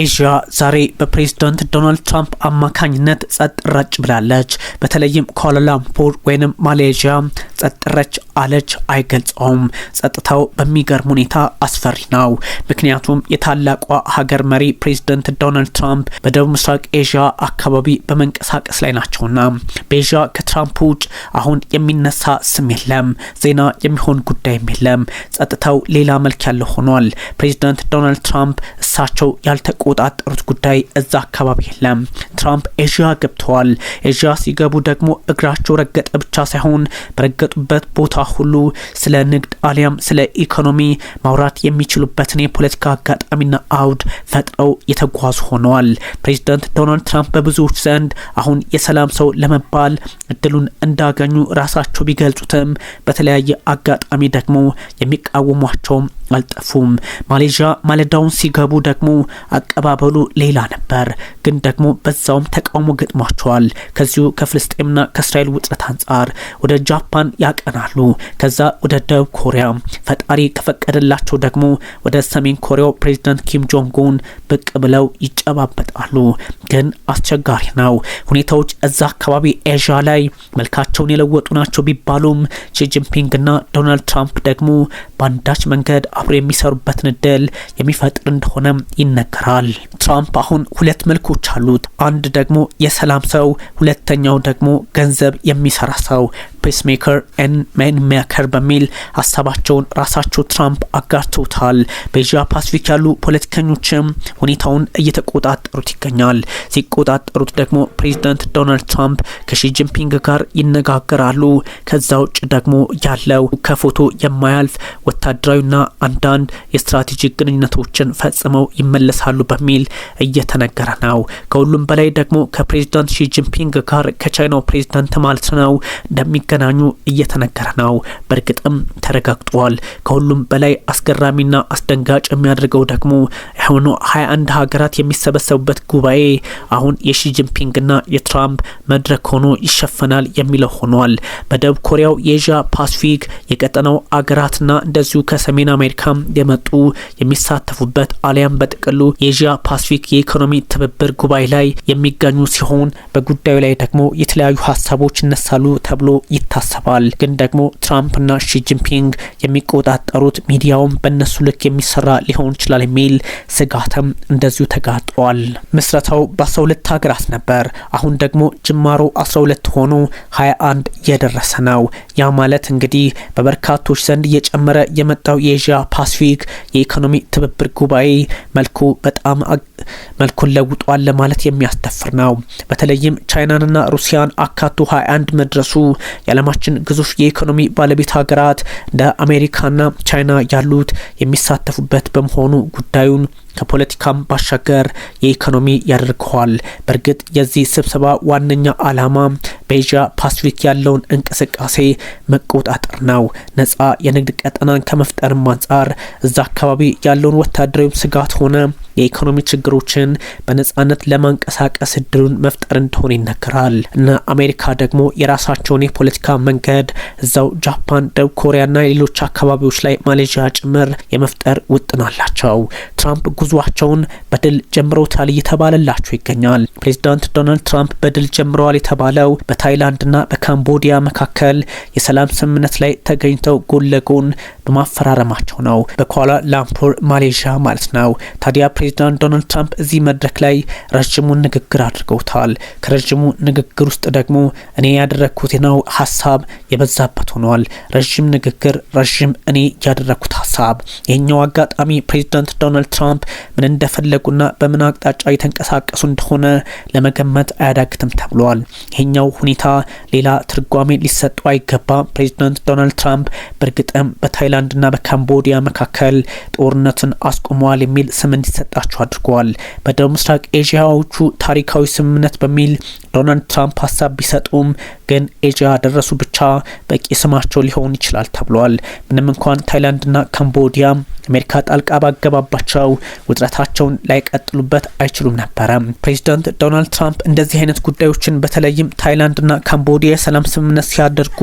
ኤዥያ ዛሬ በፕሬዝዳንት ዶናልድ ትራምፕ አማካኝነት ጸጥ ረጭ ብላለች። በተለይም ኳላላምፖር ወይንም ማሌዥያ ጸጥረች አለች አይገልጸውም። ጸጥታው በሚገርም ሁኔታ አስፈሪ ነው። ምክንያቱም የታላቋ ሀገር መሪ ፕሬዚደንት ዶናልድ ትራምፕ በደቡብ ምስራቅ ኤዥያ አካባቢ በመንቀሳቀስ ላይ ናቸውና በኤዥያ ከትራምፕ ውጭ አሁን የሚነሳ ስም የለም፣ ዜና የሚሆን ጉዳይም የለም። ጸጥታው ሌላ መልክ ያለው ሆኗል። ፕሬዚደንት ዶናልድ ትራምፕ እሳቸው ያልተቆጣጠሩት ጉዳይ እዛ አካባቢ የለም። ትራምፕ ኤዥያ ገብተዋል። ኤዥያ ሲገቡ ደግሞ እግራቸው ረገጠ ብቻ ሳይሆን በረገ በተረጋገጡበት ቦታ ሁሉ ስለ ንግድ አሊያም ስለ ኢኮኖሚ ማውራት የሚችሉበትን የፖለቲካ አጋጣሚና አውድ ፈጥረው የተጓዙ ሆነዋል። ፕሬዚዳንት ዶናልድ ትራምፕ በብዙዎች ዘንድ አሁን የሰላም ሰው ለመባል እድሉን እንዳገኙ ራሳቸው ቢገልጹትም በተለያየ አጋጣሚ ደግሞ የሚቃወሟቸውም አልጠፉም። ማሌዥያ ማለዳውን ሲገቡ ደግሞ አቀባበሉ ሌላ ነበር፣ ግን ደግሞ በዛውም ተቃውሞ ገጥሟቸዋል። ከዚሁ ከፍልስጤምና ከእስራኤል ውጥረት አንጻር ወደ ጃፓን ያቀናሉ፣ ከዛ ወደ ደቡብ ኮሪያ፣ ፈጣሪ ከፈቀደላቸው ደግሞ ወደ ሰሜን ኮሪያው ፕሬዚዳንት ኪም ጆንግ ኡን ብቅ ብለው ይጨባበጣሉ። ግን አስቸጋሪ ነው ሁኔታዎች እዛ አካባቢ ኤዥያ ላይ መልካቸውን የለወጡ ናቸው ቢባሉም ሺጂንፒንግና ዶናልድ ትራምፕ ደግሞ በአንዳች መንገድ አብረው የሚሰሩበትን እድል የሚፈጥር እንደሆነም ይነገራል። ትራምፕ አሁን ሁለት መልኮች አሉት። አንድ ደግሞ የሰላም ሰው፣ ሁለተኛው ደግሞ ገንዘብ የሚሰራ ሰው። ፔስሜከር ሜከር ሜከር በሚል ሀሳባቸውን ራሳቸው ትራምፕ አጋርተውታል። በኤዥያ ፓስፊክ ያሉ ፖለቲከኞችም ሁኔታውን እየተቆጣጠሩት ይገኛል። ሲቆጣጠሩት ደግሞ ፕሬዚዳንት ዶናልድ ትራምፕ ከሺጂንፒንግ ጋር ይነጋገራሉ። ከዛ ውጭ ደግሞ ያለው ከፎቶ የማያልፍ ወታደራዊና አንዳንድ የስትራቴጂክ ግንኙነቶችን ፈጽመው ይመለሳሉ በሚል እየተነገረ ነው። ከሁሉም በላይ ደግሞ ከፕሬዚዳንት ሺጂንፒንግ ጋር ከቻይናው ፕሬዚዳንት ማለት ነው እንደሚገ እንደሚገናኙ እየተነገረ ነው። በእርግጥም ተረጋግጧል። ከሁሉም በላይ አስገራሚና አስደንጋጭ የሚያደርገው ደግሞ የሆኑ ሀያ አንድ ሀገራት የሚሰበሰቡበት ጉባኤ አሁን የሺጂንፒንግና የትራምፕ መድረክ ሆኖ ይሸፈናል የሚለው ሆኗል። በደቡብ ኮሪያው የኤዥያ ፓሲፊክ የቀጠናው አገራትና እንደዚሁ ከሰሜን አሜሪካም የመጡ የሚሳተፉበት አሊያም በጥቅሉ የኤዥያ ፓስፊክ የኢኮኖሚ ትብብር ጉባኤ ላይ የሚገኙ ሲሆን በጉዳዩ ላይ ደግሞ የተለያዩ ሀሳቦች ይነሳሉ ተብሎ ይ። ይታሰባል። ግን ደግሞ ትራምፕና ሺጂንፒንግ የሚቆጣጠሩት ሚዲያውም በእነሱ ልክ የሚሰራ ሊሆን ይችላል የሚል ስጋትም እንደዚሁ ተጋጥጧል። ምስረታው በአስራ ሁለት ሀገራት ነበር። አሁን ደግሞ ጅማሮ አስራ ሁለት ሆኖ ሀያ አንድ እየደረሰ ነው። ያ ማለት እንግዲህ በበርካቶች ዘንድ እየጨመረ የመጣው የኤዥያ ፓሲፊክ የኢኮኖሚ ትብብር ጉባኤ መልኩ በጣም መልኩን ለውጧል ለማለት የሚያስደፍር ነው። በተለይም ቻይናንና ሩሲያን አካቶ ሀያ አንድ መድረሱ የዓለማችን ግዙፍ የኢኮኖሚ ባለቤት ሀገራት እንደ አሜሪካና ቻይና ያሉት የሚሳተፉበት በመሆኑ ጉዳዩን ከፖለቲካም ባሻገር የኢኮኖሚ ያደርገዋል። በእርግጥ የዚህ ስብሰባ ዋነኛ ዓላማ በኤዥያ ፓስፊክ ያለውን እንቅስቃሴ መቆጣጠር ነው። ነጻ የንግድ ቀጠናን ከመፍጠርም አንጻር እዛ አካባቢ ያለውን ወታደራዊም ስጋት ሆነ የኢኮኖሚ ችግሮችን በነጻነት ለማንቀሳቀስ እድሉን መፍጠር እንደሆነ ይነገራል እና አሜሪካ ደግሞ የራሳቸውን የፖለቲካ የፖለቲካ መንገድ እዛው ጃፓን፣ ደቡብ ኮሪያና ሌሎች አካባቢዎች ላይ ማሌዥያ ጭምር የመፍጠር ውጥን አላቸው። ትራምፕ ጉዟቸውን በድል ጀምረውታል እየተባለላቸው ይገኛል። ፕሬዚዳንት ዶናልድ ትራምፕ በድል ጀምረዋል የተባለው በታይላንድና በካምቦዲያ መካከል የሰላም ስምምነት ላይ ተገኝተው ጎን ለጎን በማፈራረማቸው ነው። በኳላ ላምፖር ማሌዥያ ማለት ነው። ታዲያ ፕሬዚዳንት ዶናልድ ትራምፕ እዚህ መድረክ ላይ ረዥሙን ንግግር አድርገውታል። ከረዥሙ ንግግር ውስጥ ደግሞ እኔ ያደረግኩት ነው ሀሳብ የበዛበት ሆኗል። ረዥም ንግግር፣ ረዥም እኔ ያደረግኩት ሀሳብ። ይህኛው አጋጣሚ ፕሬዚዳንት ዶናልድ ትራምፕ ምን እንደፈለጉና በምን አቅጣጫ የተንቀሳቀሱ እንደሆነ ለመገመት አያዳግትም ተብሏል። ይህኛው ሁኔታ ሌላ ትርጓሜ ሊሰጡ አይገባም። ፕሬዚዳንት ዶናልድ ትራምፕ በእርግጥም በታይላ በታይላንድና በካምቦዲያ መካከል ጦርነትን አስቁመዋል የሚል ስም እንዲሰጣቸው አድርገዋል። በደቡብ ምስራቅ ኤዥያዎቹ ታሪካዊ ስምምነት በሚል ዶናልድ ትራምፕ ሀሳብ ቢሰጡም ግን ኤጂያ ያደረሱ ብቻ በቂ ስማቸው ሊሆን ይችላል ተብሏል። ምንም እንኳን ታይላንድና ካምቦዲያ አሜሪካ ጣልቃ ባገባባቸው ውጥረታቸውን ላይቀጥሉበት አይችሉም ነበረ። ፕሬዚዳንት ዶናልድ ትራምፕ እንደዚህ አይነት ጉዳዮችን በተለይም ታይላንድና ካምቦዲያ የሰላም ስምምነት ሲያደርጉ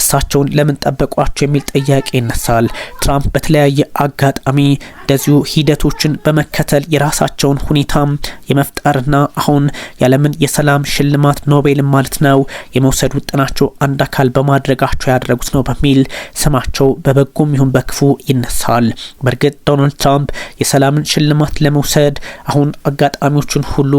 እሳቸውን ለምን ጠበቋቸው የሚል ጥያቄ ይነሳል። ትራምፕ በተለያየ አጋጣሚ እንደዚሁ ሂደቶችን በመከተል የራሳቸውን ሁኔታ የመፍጠርና አሁን ያለምን የሰላም ሽልማት ኖቤልም ማለት ነው የመውሰድ የመውሰድ ውጥናቸው አንድ አካል በማድረጋቸው ያደረጉት ነው በሚል ስማቸው በበጎም ይሁን በክፉ ይነሳል። በእርግጥ ዶናልድ ትራምፕ የሰላምን ሽልማት ለመውሰድ አሁን አጋጣሚዎቹን ሁሉ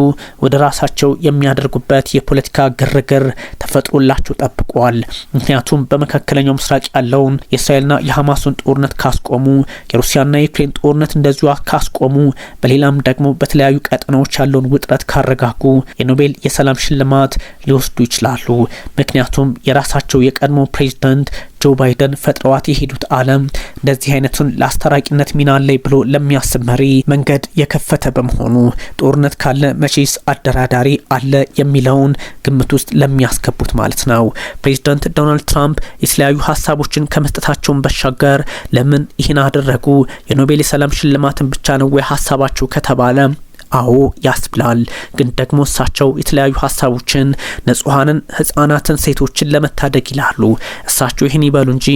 ወደ ራሳቸው የሚያደርጉበት የፖለቲካ ግርግር ተፈጥሮላቸው ጠብቋል። ምክንያቱም በመካከለኛው ምስራቅ ያለውን የእስራኤልና የሐማሱን ጦርነት ካስቆሙ፣ የሩሲያና የዩክሬን ጦርነት እንደዚሁ ካስቆሙ፣ በሌላም ደግሞ በተለያዩ ቀጠናዎች ያለውን ውጥረት ካረጋጉ የኖቤል የሰላም ሽልማት ሊወስዱ ይችላሉ። ምክንያቱም የራሳቸው የቀድሞ ፕሬዚዳንት ጆ ባይደን ፈጥረዋት የሄዱት ዓለም እንደዚህ አይነቱን ለአስታራቂነት ሚና ላይ ብሎ ለሚያስብ መሪ መንገድ የከፈተ በመሆኑ ጦርነት ካለ መቼስ አደራዳሪ አለ የሚለውን ግምት ውስጥ ለሚያስገቡት ማለት ነው። ፕሬዚዳንት ዶናልድ ትራምፕ የተለያዩ ሀሳቦችን ከመስጠታቸውን በሻገር ለምን ይህን አደረጉ የኖቤል የሰላም ሽልማትን ብቻ ነው ወይ ሀሳባቸው ከተባለ አዎ ያስብላል። ግን ደግሞ እሳቸው የተለያዩ ሀሳቦችን ንጹሐንን፣ ህጻናትን፣ ሴቶችን ለመታደግ ይላሉ። እሳቸው ይህን ይበሉ እንጂ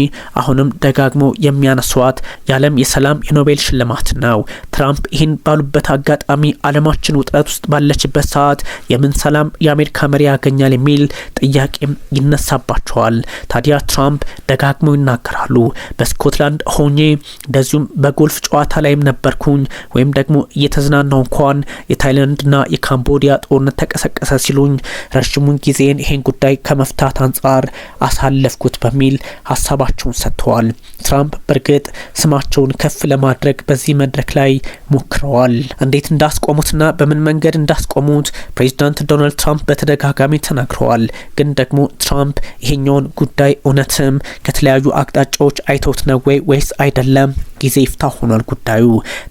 አሁንም ደጋግመው የሚያነሷት የዓለም የሰላም የኖቤል ሽልማት ነው። ትራምፕ ይህን ባሉበት አጋጣሚ አለማችን ውጥረት ውስጥ ባለችበት ሰዓት የምን ሰላም የአሜሪካ መሪ ያገኛል የሚል ጥያቄም ይነሳባቸዋል። ታዲያ ትራምፕ ደጋግመው ይናገራሉ። በስኮትላንድ ሆኜ እንደዚሁም በጎልፍ ጨዋታ ላይም ነበርኩኝ ወይም ደግሞ እየተዝናናው እንኳን የታይላንድና የካምቦዲያ ጦርነት ተቀሰቀሰ ሲሉኝ ረዥሙን ጊዜን ይህን ጉዳይ ከመፍታት አንጻር አሳለፍኩት በሚል ሀሳባቸውን ሰጥተዋል። ትራምፕ በእርግጥ ስማቸውን ከፍ ለማድረግ በዚህ መድረክ ላይ ሞክረዋል። እንዴት እንዳስቆሙትና በምን መንገድ እንዳስቆሙት ፕሬዚዳንት ዶናልድ ትራምፕ በተደጋጋሚ ተናግረዋል። ግን ደግሞ ትራምፕ ይሄኛውን ጉዳይ እውነትም ከተለያዩ አቅጣጫዎች አይተውት ነው ወይ ወይስ አይደለም ጊዜ ይፍታ ሆኗል ጉዳዩ።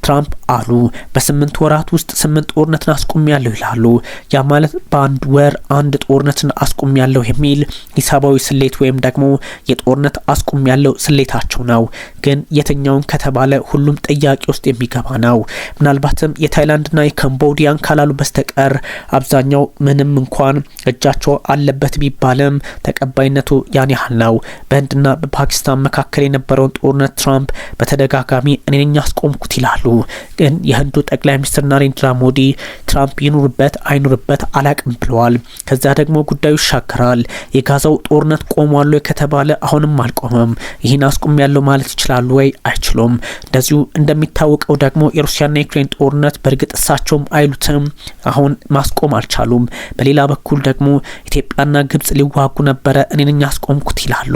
ትራምፕ አሉ በስምንት ወራት ውስጥ ስምንት ጦርነትን አስቆም ያለሁ ይላሉ። ያ ማለት በአንድ ወር አንድ ጦርነትን አስቆም ያለሁ የሚል ሂሳባዊ ስሌት ወይም ደግሞ የጦርነት አስቆም ያለው ስሌታቸው ነው። ግን የትኛውን ከተባለ ሁሉም ጥያቄ ውስጥ የሚገባ ነው። ምናልባትም የታይላንድና የካምቦዲያን ካላሉ በስተቀር አብዛኛው ምንም እንኳን እጃቸው አለበት ቢባልም ተቀባይነቱ ያን ያህል ነው። በህንድና በፓኪስታን መካከል የነበረውን ጦርነት ትራምፕ በተደጋ በተደጋጋሚ እኔ ነኝ ያስቆምኩት ይላሉ። ግን የህንዱ ጠቅላይ ሚኒስትር ናሬንድራ ሞዲ ትራምፕ ይኑርበት አይኑርበት አላቅም ብለዋል። ከዚያ ደግሞ ጉዳዩ ይሻገራል። የጋዛው ጦርነት ቆሟል ከተባለ አሁንም አልቆመም። ይህን አስቁም ያለው ማለት ይችላሉ ወይ? አይችሉም። እንደዚሁ እንደሚታወቀው ደግሞ የሩሲያና የዩክሬን ጦርነት በእርግጥ እሳቸውም አይሉትም አሁን ማስቆም አልቻሉም። በሌላ በኩል ደግሞ ኢትዮጵያና ግብጽ ሊዋጉ ነበረ እኔ ነኝ ያስቆምኩት ይላሉ።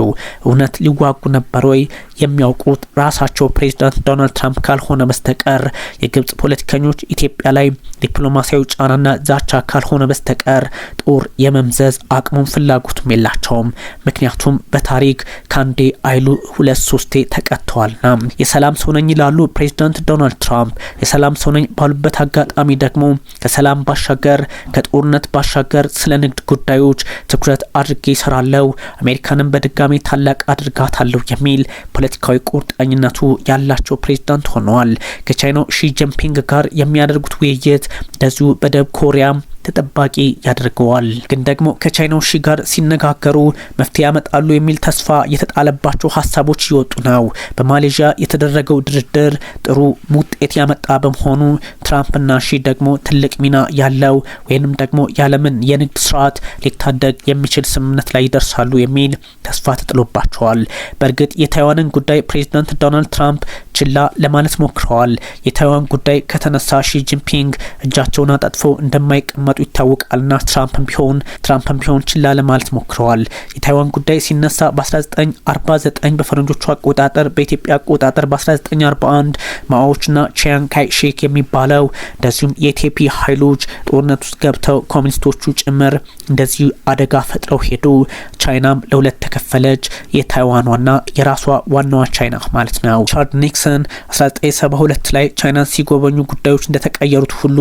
እውነት ሊዋጉ ነበር ወይ? የሚያውቁት ራሳቸው ፕሬዚዳንት ዶናልድ ትራምፕ ካልሆነ በስተቀር የግብጽ ፖለቲከኞች ኢትዮጵያ ላይ ዲፕሎማሲያዊ ጫናና ዛቻ ካልሆነ በስተቀር ጦር የመምዘዝ አቅሙም ፍላጎቱም የላቸውም። ምክንያቱም በታሪክ ካንዴ አይሉ ሁለት ሶስቴ ተቀጥተዋልና የሰላም ሰው ነኝ ይላሉ ፕሬዚዳንት ዶናልድ ትራምፕ። የሰላም ሰው ነኝ ባሉበት አጋጣሚ ደግሞ ከሰላም ባሻገር ከጦርነት ባሻገር ስለ ንግድ ጉዳዮች ትኩረት አድርጌ ይሰራለው፣ አሜሪካንም በድጋሚ ታላቅ አድርጋታለሁ የሚል ፖለቲካዊ ቁርጠኝነቱ ያላቸው ፕሬዝዳንት ሆነዋል። ከቻይናው ሺ ጂንፒንግ ጋር የሚያደርጉት ውይይት እንደዚሁ በደቡብ ኮሪያ ተጠባቂ ያደርገዋል። ግን ደግሞ ከቻይናው ሺ ጋር ሲነጋገሩ መፍትሄ ያመጣሉ የሚል ተስፋ የተጣለባቸው ሀሳቦች እየወጡ ነው። በማሌዥያ የተደረገው ድርድር ጥሩ ውጤት ያመጣ በመሆኑ ትራምፕና ሺ ደግሞ ትልቅ ሚና ያለው ወይንም ደግሞ የዓለምን የንግድ ስርዓት ሊታደግ የሚችል ስምምነት ላይ ይደርሳሉ የሚል ተስፋ ተጥሎባቸዋል። በእርግጥ የታይዋንን ጉዳይ ፕሬዚዳንት ዶናልድ ትራምፕ ችላ ለማለት ሞክረዋል። የታይዋን ጉዳይ ከተነሳ ሺ ጂንፒንግ እጃቸውን አጣጥፎ እንደማይቀመጡ መመረጡ ይታወቃልና ትራምፕም ቢሆን ትራምፕም ቢሆን ችላ ለማለት ሞክረዋል። የታይዋን ጉዳይ ሲነሳ በ1949 በፈረንጆቹ አቆጣጠር በኢትዮጵያ አቆጣጠር በ1941 ማኦዎችና ቺያንግ ሼክ የሚባለው እንደዚሁም የቴፒ ኃይሎች ጦርነት ውስጥ ገብተው ኮሚኒስቶቹ ጭምር እንደዚሁ አደጋ ፈጥረው ሄዱ። ቻይናም ለሁለት ተከፈለች። የታይዋኗና የራሷ ዋናዋ ቻይና ማለት ነው። ሪቻርድ ኒክሰን 1972 ላይ ቻይናን ሲጎበኙ ጉዳዮች እንደተቀየሩት ሁሉ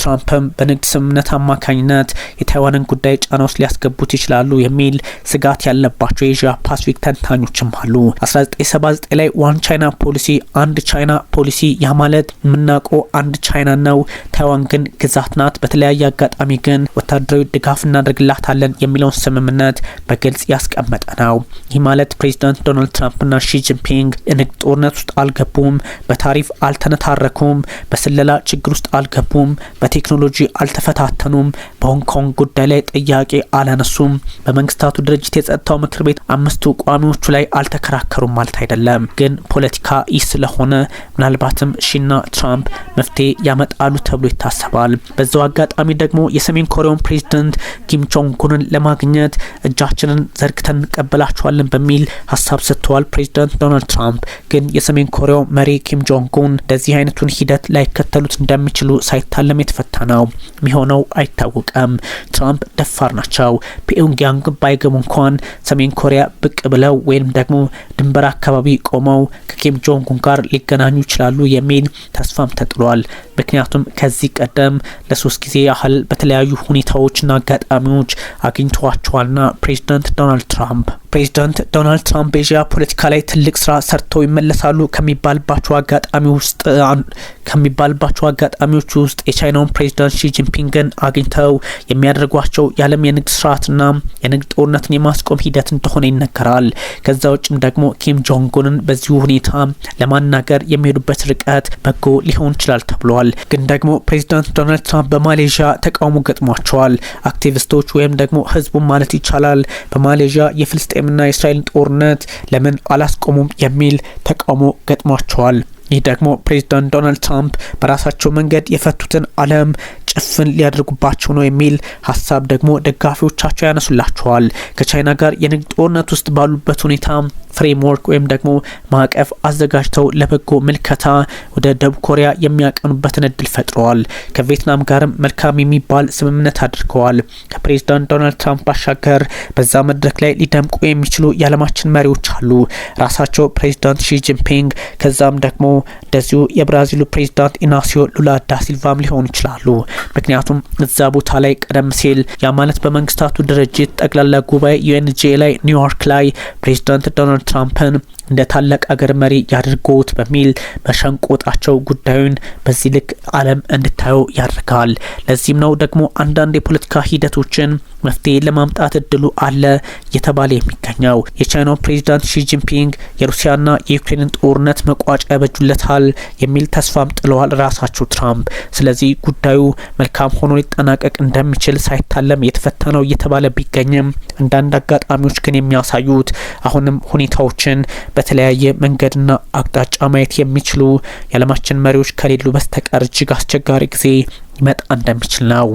ትራምፕም በንግድ ስምምነት አማካኝነት የታይዋንን ጉዳይ ጫና ውስጥ ሊያስገቡት ይችላሉ የሚል ስጋት ያለባቸው የኤዥያ ፓስፊክ ተንታኞችም አሉ። 1979 ላይ ዋን ቻይና ፖሊሲ አንድ ቻይና ፖሊሲ ያ ማለት የምናውቀው አንድ ቻይና ነው። ታይዋን ግን ግዛት ናት። በተለያየ አጋጣሚ ግን ወታደራዊ ድጋፍ እናደርግላታለን የሚለውን ስምምነት በግልጽ ያስቀመጠ ነው። ይህ ማለት ፕሬዚዳንት ዶናልድ ትራምፕና ሺ ጂንፒንግ ንግድ ጦርነት ውስጥ አልገቡም፣ በታሪፍ አልተነታረኩም፣ በስለላ ችግር ውስጥ አልገቡም፣ በቴክኖሎጂ አልተፈታ አልተፈታተኑም። በሆንግ ኮንግ ጉዳይ ላይ ጥያቄ አላነሱም። በመንግስታቱ ድርጅት የጸጥታው ምክር ቤት አምስቱ ቋሚዎቹ ላይ አልተከራከሩም ማለት አይደለም። ግን ፖለቲካ ይህ ስለሆነ ምናልባትም ሺና ትራምፕ መፍትሄ ያመጣሉ ተብሎ ይታሰባል። በዛው አጋጣሚ ደግሞ የሰሜን ኮሪያውን ፕሬዚደንት ኪም ኡንን ለማግኘት እጃችንን ዘርግተን እንቀበላቸዋለን በሚል ሀሳብ ሰጥተዋል ፕሬዚደንት ዶናልድ ትራምፕ። ግን የሰሜን ኮሪያው መሪ ኪም ጆንጉን እንደዚህ አይነቱን ሂደት ላይከተሉት እንደሚችሉ ሳይታለም የተፈታ ነው የሚሆነው። አይታወቀም። ትራምፕ ደፋር ናቸው። ፒዮንግያንግ ባይገቡ እንኳን ሰሜን ኮሪያ ብቅ ብለው ወይም ደግሞ ድንበር አካባቢ ቆመው ከኪም ጆንጉን ጋር ሊገናኙ ይችላሉ የሚል ተስፋም ተጥሏል። ምክንያቱም ከዚህ ቀደም ለሶስት ጊዜ ያህል በተለያዩ ሁኔታዎችና አጋጣሚዎች አግኝተዋቸዋልና ፕሬዚዳንት ዶናልድ ትራምፕ ፕሬዚዳንት ዶናልድ ትራምፕ በኤዥያ ፖለቲካ ላይ ትልቅ ስራ ሰርተው ይመለሳሉ ከሚባልባቸው አጋጣሚ ውስጥ ከሚባልባቸው አጋጣሚዎች ውስጥ የቻይናውን ፕሬዚዳንት ሺጂንፒንግን አግኝተው የሚያደርጓቸው የዓለም የንግድ ስርዓትና የንግድ ጦርነትን የማስቆም ሂደት እንደሆነ ይነገራል። ከዛ ውጭም ደግሞ ኪም ጆንጉንን በዚሁ ሁኔታ ለማናገር የሚሄዱበት ርቀት በጎ ሊሆን ይችላል ተብሏል። ግን ደግሞ ፕሬዚዳንት ዶናልድ ትራምፕ በማሌዥያ ተቃውሞ ገጥሟቸዋል። አክቲቪስቶች ወይም ደግሞ ህዝቡን ማለት ይቻላል በማሌዥያ የፍልስጤ የፍልስጤምና የእስራኤልን ጦርነት ለምን አላስቆሙም የሚል ተቃውሞ ገጥሟቸዋል። ይህ ደግሞ ፕሬዚዳንት ዶናልድ ትራምፕ በራሳቸው መንገድ የፈቱትን ዓለም ጭፍን ሊያደርጉባቸው ነው የሚል ሀሳብ ደግሞ ደጋፊዎቻቸው ያነሱላቸዋል። ከቻይና ጋር የንግድ ጦርነት ውስጥ ባሉበት ሁኔታ ፍሬምወርክ ወይም ደግሞ ማዕቀፍ አዘጋጅተው ለበጎ ምልከታ ወደ ደቡብ ኮሪያ የሚያቀኑበትን እድል ፈጥረዋል። ከቪየትናም ጋርም መልካም የሚባል ስምምነት አድርገዋል። ከፕሬዚዳንት ዶናልድ ትራምፕ ባሻገር በዛ መድረክ ላይ ሊደምቁ የሚችሉ የዓለማችን መሪዎች አሉ። ራሳቸው ፕሬዚዳንት ሺ ጂንፒንግ ከዛም ደግሞ እንደዚሁ የብራዚሉ ፕሬዚዳንት ኢናሲዮ ሉላ ዳ ሲልቫም ሊሆኑ ይችላሉ። ምክንያቱም እዛ ቦታ ላይ ቀደም ሲል ያ ማለት በመንግስታቱ ድርጅት ጠቅላላ ጉባኤ ዩኤንጄ ላይ ኒውዮርክ ላይ ፕሬዚዳንት ዶናልድ ትራምፕን እንደ ታላቅ አገር መሪ ያድርጎት በሚል መሸንቆጣቸው ጉዳዩን በዚህ ልክ ዓለም እንድታየው ያደርጋል። ለዚህም ነው ደግሞ አንዳንድ የፖለቲካ ሂደቶችን መፍትሄ ለማምጣት እድሉ አለ እየተባለ የሚገኘው የቻይናው ፕሬዚዳንት ሺጂንፒንግ የሩሲያና የዩክሬንን ጦርነት መቋጫ ያበጁለታል የሚል ተስፋም ጥለዋል ራሳቸው ትራምፕ። ስለዚህ ጉዳዩ መልካም ሆኖ ሊጠናቀቅ እንደሚችል ሳይታለም የተፈታ ነው እየተባለ ቢገኝም አንዳንድ አጋጣሚዎች ግን የሚያሳዩት አሁንም ሁኔታዎችን በተለያየ መንገድና አቅጣጫ ማየት የሚችሉ የዓለማችን መሪዎች ከሌሉ በስተቀር እጅግ አስቸጋሪ ጊዜ ሊመጣ እንደሚችል ነው።